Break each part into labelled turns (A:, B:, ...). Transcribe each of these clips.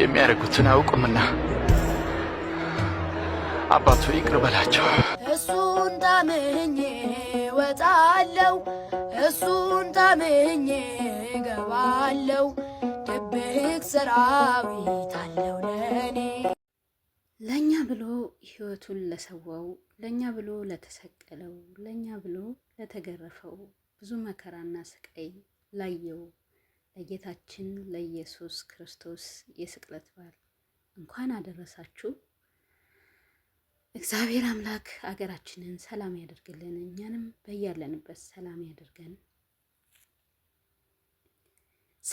A: የሚያደርጉትን አያውቁምና አባቱ ይቅር በላቸው።
B: እሱን ታምኜ ወጣለሁ፣ እሱን ታምኜ ገባለሁ። ድብቅ ሰራዊት አለው ለእኔ።
C: ለእኛ ብሎ ህይወቱን ለሰዋው፣ ለእኛ ብሎ ለተሰቀለው፣ ለእኛ ብሎ ለተገረፈው ብዙ መከራና ስቃይ ላየው ለጌታችን ለኢየሱስ ክርስቶስ የስቅለት በዓል እንኳን አደረሳችሁ። እግዚአብሔር አምላክ አገራችንን ሰላም ያደርግልን፣ እኛንም በያለንበት ሰላም ያደርገን።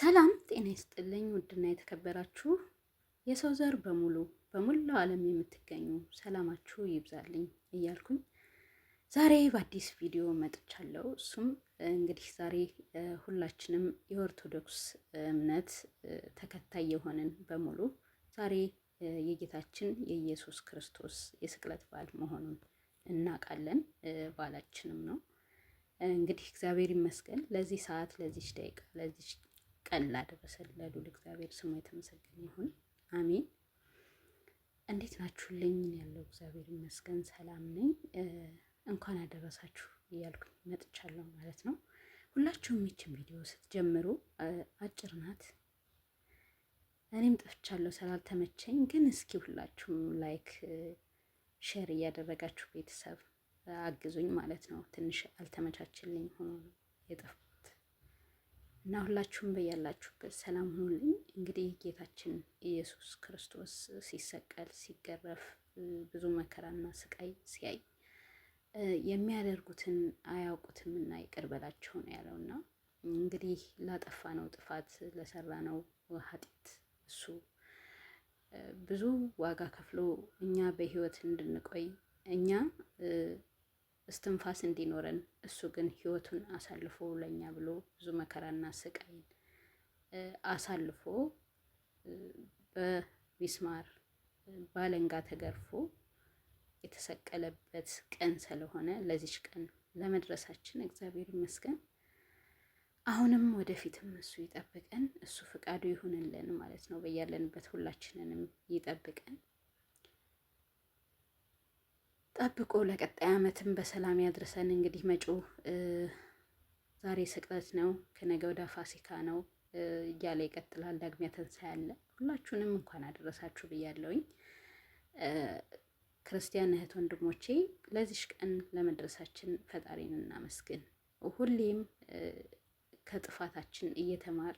C: ሰላም ጤና ይስጥልኝ። ውድና የተከበራችሁ የሰው ዘር በሙሉ በሙላው ዓለም የምትገኙ ሰላማችሁ ይብዛልኝ እያልኩኝ ዛሬ በአዲስ ቪዲዮ መጥቻለሁ። እሱም እንግዲህ ዛሬ ሁላችንም የኦርቶዶክስ እምነት ተከታይ የሆንን በሙሉ ዛሬ የጌታችን የኢየሱስ ክርስቶስ የስቅለት በዓል መሆኑን እናውቃለን። በዓላችንም ነው። እንግዲህ እግዚአብሔር ይመስገን ለዚህ ሰዓት፣ ለዚች ደቂቃ፣ ለዚች ቀን ላደረሰን ለልዑል እግዚአብሔር ስሙ የተመሰገነ ይሁን። አሜን። እንዴት ናችሁልኝ? ያለው እግዚአብሔር ይመስገን ሰላም ነኝ። እንኳን አደረሳችሁ እያልኩኝ መጥቻለሁ ማለት ነው። ሁላችሁም ይችን ቪዲዮ ስትጀምሩ አጭር ናት። እኔም ጠፍቻለሁ ስላልተመቸኝ፣ ግን እስኪ ሁላችሁም ላይክ፣ ሼር እያደረጋችሁ ቤተሰብ አግዙኝ ማለት ነው። ትንሽ አልተመቻችልኝ ሆኖ ነው የጠፋሁት እና ሁላችሁም በያላችሁበት ሰላም ሁኑልኝ። እንግዲህ ጌታችን ኢየሱስ ክርስቶስ ሲሰቀል ሲገረፍ ብዙ መከራና ስቃይ ሲያይ የሚያደርጉትን አያውቁትም እና ይቅር በላቸው ነው ያለው። እና እንግዲህ ላጠፋ ነው ጥፋት ለሰራ ነው ኃጢአት እሱ ብዙ ዋጋ ከፍሎ እኛ በህይወት እንድንቆይ እኛ እስትንፋስ እንዲኖረን እሱ ግን ህይወቱን አሳልፎ ለእኛ ብሎ ብዙ መከራና ስቃይን አሳልፎ በሚስማር ባለንጋ ተገርፎ የተሰቀለበት ቀን ስለሆነ ለዚች ቀን ለመድረሳችን እግዚአብሔር ይመስገን። አሁንም ወደፊትም እሱ ይጠብቀን፣ እሱ ፈቃዱ ይሁንልን ማለት ነው። በያለንበት ሁላችንንም ይጠብቀን ጠብቆ ለቀጣይ ዓመትም በሰላም ያድርሰን። እንግዲህ መጪው ዛሬ ስቅለት ነው፣ ከነገ ወዲያ ፋሲካ ነው እያለ ይቀጥላል። ዳግሚያ ትንሣኤ አለ። ሁላችሁንም እንኳን አደረሳችሁ ብያለሁኝ። ክርስቲያን እህት ወንድሞቼ ለዚሽ ቀን ለመድረሳችን ፈጣሪን እናመስግን። ሁሌም ከጥፋታችን እየተማር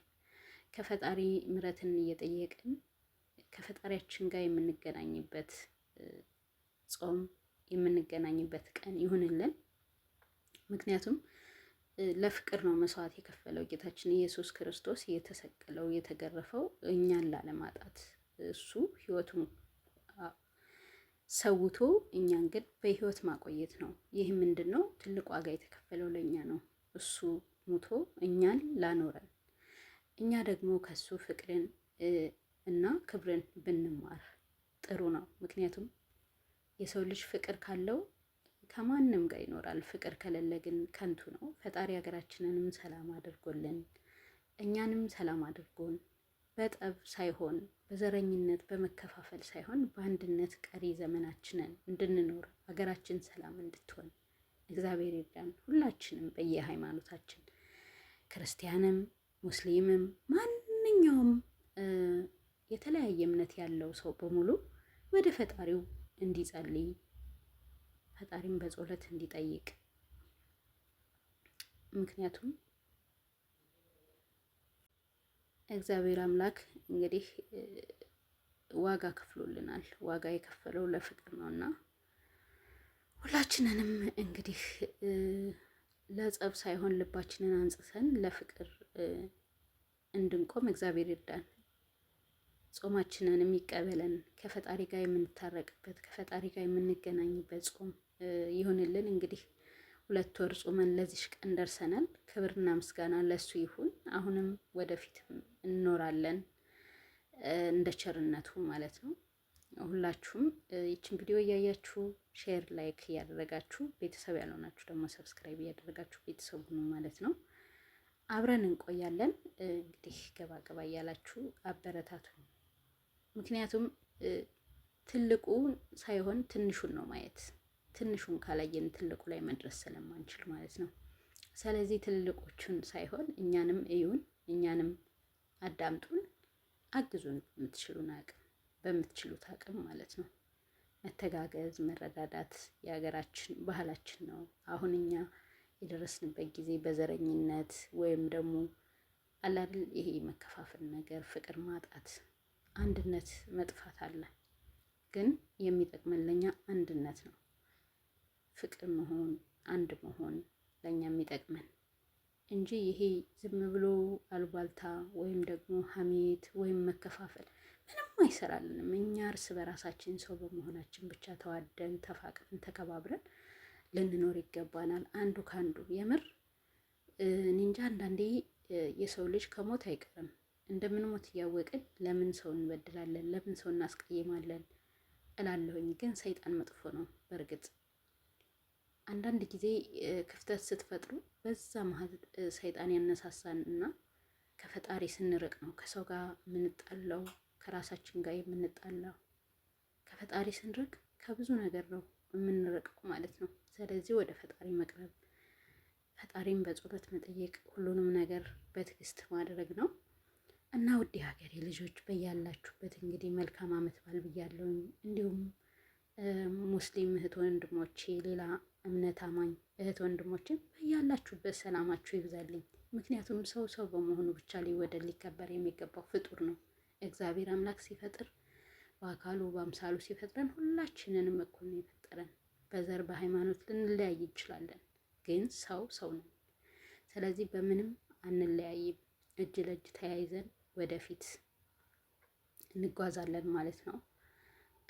C: ከፈጣሪ ምረትን እየጠየቅን ከፈጣሪያችን ጋር የምንገናኝበት ጾም የምንገናኝበት ቀን ይሁንልን። ምክንያቱም ለፍቅር ነው መስዋዕት የከፈለው ጌታችን ኢየሱስ ክርስቶስ የተሰቀለው የተገረፈው እኛን ላለማጣት እሱ ህይወቱን ሰውቶ እኛን ግን በህይወት ማቆየት ነው። ይህ ምንድን ነው? ትልቅ ዋጋ የተከፈለው ለእኛ ነው። እሱ ሙቶ እኛን ላኖረን፣ እኛ ደግሞ ከሱ ፍቅርን እና ክብርን ብንማር ጥሩ ነው። ምክንያቱም የሰው ልጅ ፍቅር ካለው ከማንም ጋር ይኖራል። ፍቅር ከሌለ ግን ከንቱ ነው። ፈጣሪ ሀገራችንንም ሰላም አድርጎልን እኛንም ሰላም አድርጎን በጠብ ሳይሆን በዘረኝነት በመከፋፈል ሳይሆን በአንድነት ቀሪ ዘመናችንን እንድንኖር ሀገራችን ሰላም እንድትሆን እግዚአብሔር ይርዳን። ሁላችንም በየሃይማኖታችን ክርስቲያንም፣ ሙስሊምም ማንኛውም የተለያየ እምነት ያለው ሰው በሙሉ ወደ ፈጣሪው እንዲጸልይ ፈጣሪም በጸሎት እንዲጠይቅ ምክንያቱም እግዚአብሔር አምላክ እንግዲህ ዋጋ ከፍሎልናል። ዋጋ የከፈለው ለፍቅር ነው እና ሁላችንንም እንግዲህ ለጸብ ሳይሆን ልባችንን አንጽተን ለፍቅር እንድንቆም እግዚአብሔር ይርዳን። ጾማችንንም ይቀበለን። ከፈጣሪ ጋር የምንታረቅበት ከፈጣሪ ጋር የምንገናኝበት ጾም ይሁንልን እንግዲህ ሁለት ወር ጾመን ለዚሽ ቀን ደርሰናል። ክብርና ምስጋና ለሱ ይሁን። አሁንም ወደፊት እንኖራለን እንደ ቸርነቱ ማለት ነው። ሁላችሁም ይችን ቪዲዮ እያያችሁ ሼር፣ ላይክ እያደረጋችሁ ቤተሰብ ያልሆናችሁ ደግሞ ሰብስክራይብ እያደረጋችሁ ቤተሰብ ሁኑ ማለት ነው። አብረን እንቆያለን። እንግዲህ ገባ ገባ እያላችሁ አበረታቱ። ምክንያቱም ትልቁ ሳይሆን ትንሹን ነው ማየት ትንሹን ካላየን ትልቁ ላይ መድረስ ስለማንችል ማለት ነው። ስለዚህ ትልልቆቹን ሳይሆን እኛንም እዩን፣ እኛንም አዳምጡን፣ አግዙን በምትችሉን አቅም በምትችሉት አቅም ማለት ነው። መተጋገዝ፣ መረዳዳት የሀገራችን ባህላችን ነው። አሁን እኛ የደረስንበት ጊዜ በዘረኝነት ወይም ደግሞ አላድል ይሄ መከፋፈል ነገር ፍቅር ማጣት አንድነት መጥፋት አለ። ግን የሚጠቅመን ለኛ አንድነት ነው። ፍቅር መሆን አንድ መሆን ለእኛ የሚጠቅመን እንጂ ይሄ ዝም ብሎ አልባልታ ወይም ደግሞ ሀሜት ወይም መከፋፈል ምንም አይሰራልንም። እኛ እርስ በራሳችን ሰው በመሆናችን ብቻ ተዋደን ተፋቅረን ተከባብረን ልንኖር ይገባናል። አንዱ ከአንዱ የምር እንጃ አንዳንዴ የሰው ልጅ ከሞት አይቀርም እንደምንሞት እያወቅን ለምን ሰው እንበድላለን? ለምን ሰው እናስቀይማለን? እላለሁኝ። ግን ሰይጣን መጥፎ ነው በእርግጥ አንዳንድ ጊዜ ክፍተት ስትፈጥሩ በዛ መሀል ሰይጣን ያነሳሳን እና ከፈጣሪ ስንርቅ ነው ከሰው ጋር የምንጣላው፣ ከራሳችን ጋር የምንጣላው። ከፈጣሪ ስንርቅ ከብዙ ነገር ነው የምንርቀው ማለት ነው። ስለዚህ ወደ ፈጣሪ መቅረብ፣ ፈጣሪን በጸሎት መጠየቅ፣ ሁሉንም ነገር በትዕግስት ማድረግ ነው እና ውድ ሀገሬ ልጆች በያላችሁበት እንግዲህ መልካም ዓመት በዓል ብያለሁኝ እንዲሁም ሙስሊም እህት ወንድሞቼ፣ ሌላ እምነት አማኝ እህት ወንድሞችን በያላችሁበት ሰላማችሁ ይብዛልኝ። ምክንያቱም ሰው ሰው በመሆኑ ብቻ ሊወደድ ሊከበር የሚገባው ፍጡር ነው። እግዚአብሔር አምላክ ሲፈጥር በአካሉ በአምሳሉ ሲፈጥረን ሁላችንንም እኩል ነው የፈጠረን። በዘር በሃይማኖት ልንለያይ እንችላለን፣ ግን ሰው ሰው ነው። ስለዚህ በምንም አንለያይም። እጅ ለእጅ ተያይዘን ወደፊት እንጓዛለን ማለት ነው።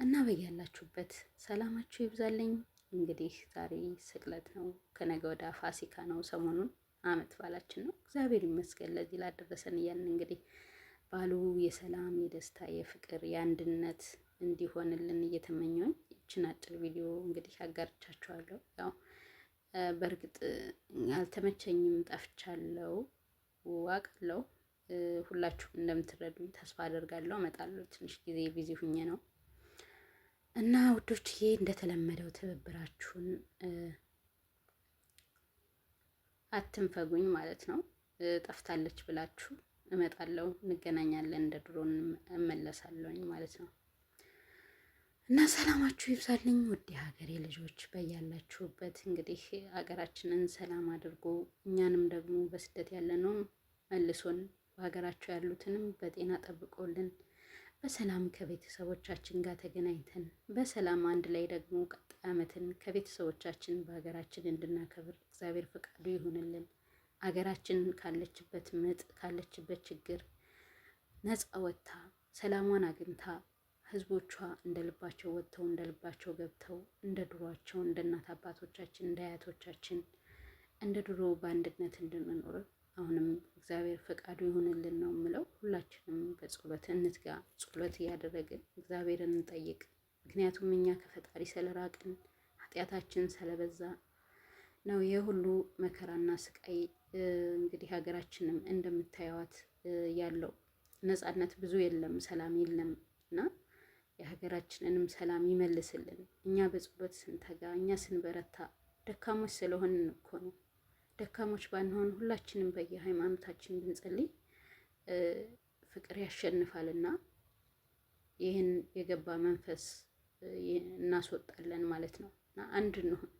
C: እና በያላችሁበት ሰላማችሁ ይብዛልኝ። እንግዲህ ዛሬ ስቅለት ነው፣ ከነገ ወዲያ ፋሲካ ነው። ሰሞኑን አመት ባላችን ነው። እግዚአብሔር ይመስገን ለዚህ ላደረሰን እያልን እንግዲህ ባሉ የሰላም የደስታ የፍቅር የአንድነት እንዲሆንልን እየተመኘውኝ ይችን አጭር ቪዲዮ እንግዲህ አጋርቻችኋለሁ። ያው በእርግጥ አልተመቸኝም፣ ጠፍቻለሁ፣ አውቃለሁ። ሁላችሁም እንደምትረዱኝ ተስፋ አደርጋለሁ። እመጣለሁ። ትንሽ ጊዜ ቢዚ ሁኜ ነው እና ውዶችዬ እንደተለመደው ትብብራችሁን አትንፈጉኝ ማለት ነው። ጠፍታለች ብላችሁ እመጣለሁ፣ እንገናኛለን፣ እንደ ድሮ እመለሳለሁኝ ማለት ነው። እና ሰላማችሁ ይብዛልኝ ውድ ሀገሬ ልጆች በያላችሁበት። እንግዲህ ሀገራችንን ሰላም አድርጎ እኛንም ደግሞ በስደት ያለነውም መልሶን በሀገራቸው ያሉትንም በጤና ጠብቆልን በሰላም ከቤተሰቦቻችን ጋር ተገናኝተን በሰላም አንድ ላይ ደግሞ ቀጣይ ዓመትን ከቤተሰቦቻችን በሀገራችን እንድናከብር እግዚአብሔር ፈቃዱ ይሁንልን። አገራችን ካለችበት ምጥ ካለችበት ችግር ነፃ ወጥታ ሰላሟን አግኝታ ህዝቦቿ እንደ ልባቸው ወጥተው እንደ ልባቸው ገብተው እንደ ድሯቸው እንደ እናት አባቶቻችን እንደ አያቶቻችን እንደ ድሮ በአንድነት እንድንኖር አሁንም እግዚአብሔር ፈቃዱ ይሁንልን ነው የምለው። ሁላችንም በጸሎት እንትጋ። ጸሎት እያደረግን እግዚአብሔርን እንጠይቅ። ምክንያቱም እኛ ከፈጣሪ ስለራቅን ኃጢአታችን ስለበዛ ነው ይህ ሁሉ መከራና ስቃይ። እንግዲህ ሀገራችንም እንደምታየዋት ያለው ነጻነት ብዙ የለም፣ ሰላም የለም እና የሀገራችንንም ሰላም ይመልስልን። እኛ በጸሎት ስንተጋ፣ እኛ ስንበረታ፣ ደካሞች ስለሆንን እኮ ነው ደካሞች ባንሆን ሁላችንም በየሃይማኖታችን ብንጸልይ ፍቅር ያሸንፋልና ይህን የገባ መንፈስ እናስወጣለን ማለት ነው እና አንድ እንሁን።